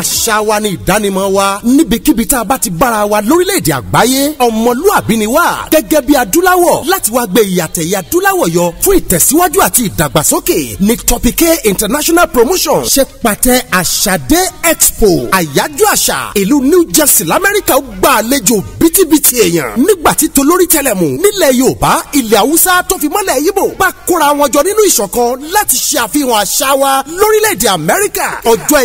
àṣà wa ni ìdánimọ̀ wa níbikíbi tá a bá ti bára wa lórílẹ̀‐èdè àgbáyé ọmọlúàbí ni wá gẹ́gẹ́ bí adúláwọ̀ láti wá gbé ìyàtẹ̀yẹ adúláwọ̀ yọ fún ìtẹ̀síwájú àti ìdàgbàsókè ní Topic International Promotion ṣe pàtẹ àṣàdé expo àyájọ́ àṣà ìlú New Jersey lamẹ́ríkà ó gbà òbítíbitì èèyàn nígbà tí tolórí tẹlẹmù nílẹ̀ yorùbá ilẹ̀ haúsá tó fi mọ́lẹ̀ yíbò bá kóra wọn jọ nínú ìṣọ̀kan láti ṣe àfihàn àṣà wa lórílẹ̀‐èdè amẹ́ríkà ọjọ́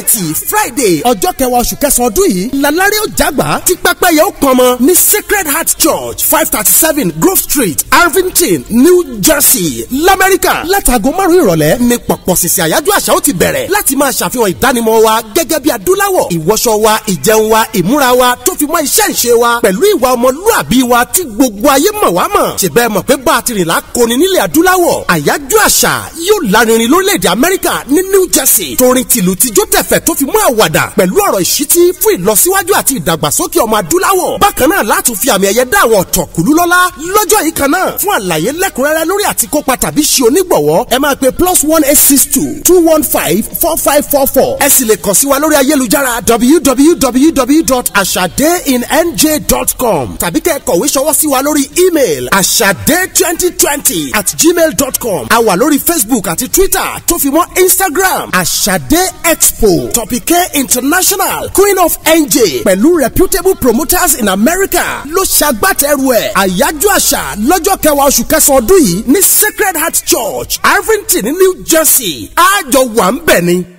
friday ọjọ́ kẹwàá oṣù kẹsàn-án ọdún yìí làlárí òjàgbá tí pẹ́pẹ́yẹ ó kan mọ́ ní sacred heart church five thirty seven grove street arvington new jersey lamẹ́ríkà látàgọ́ márùn-ún ìrọ̀lẹ́ ní pọ̀pọ̀ sísè àyájọ́ àṣà ó ti bẹ̀rẹ̀ láti máa ṣàfihàn ìdánimọ̀ wa gẹ́gẹ́ bí adúláwọ̀ ìwọṣọ wa ìjẹun wa ìmúra wa fi mọ́ iṣẹ́ ìṣe wa pẹ̀lú ìwà ọmọlúàbí wa tí gbogbo ayé mọ̀ wá mọ̀ ṣèbẹ́ mọ̀ pé bá a ti rìn lákoni nílẹ̀ adúláwọ̀ àyájọ́ àṣà yóò lárinrin lórílẹ̀‐èdè Amẹ́ríkà ní New Jersey torin tìlù tijó tẹ̀fẹ̀ tó fi mọ́ àwàdà pẹ̀lú ọ̀rọ̀ ìṣítí fún ìlọsíwájú àti ìdàgbàsókè ọmọ adúláwọ̀ bákan náà láti fi àmì ẹ̀yẹ dá àwọn ọ̀tọ̀kùlú lọ́lá lọ́jọ́ yìí kan náà fún àlàyé lẹ́kùnrẹ́rẹ́ lórí àtikópa tàbí ṣe onígbọ̀wọ́ ẹ máa pe plus one eight six two two one five four five four four ẹ sì lè kàn sí wa lórí ayélujára www.asade jainnj.com tàbí kẹ́ ẹ kọ̀wé ṣọwọ́ sí wa lórí email àṣàdé twenty twenty at gmail dot com a wà lórí Facebook àti Twitter tó fi mọ́ Instagram àṣàdé expo topike international queen of nj pẹ̀lú reputable promoters in America ló ṣagbátẹrù ẹ̀ àyájọ́ àṣà lọ́jọ́ kẹwàá oṣù kẹsàn-án ọdún yìí ní Sacred Heart Church Irvington New Jersey àjọ wà ń bẹ̀ ni.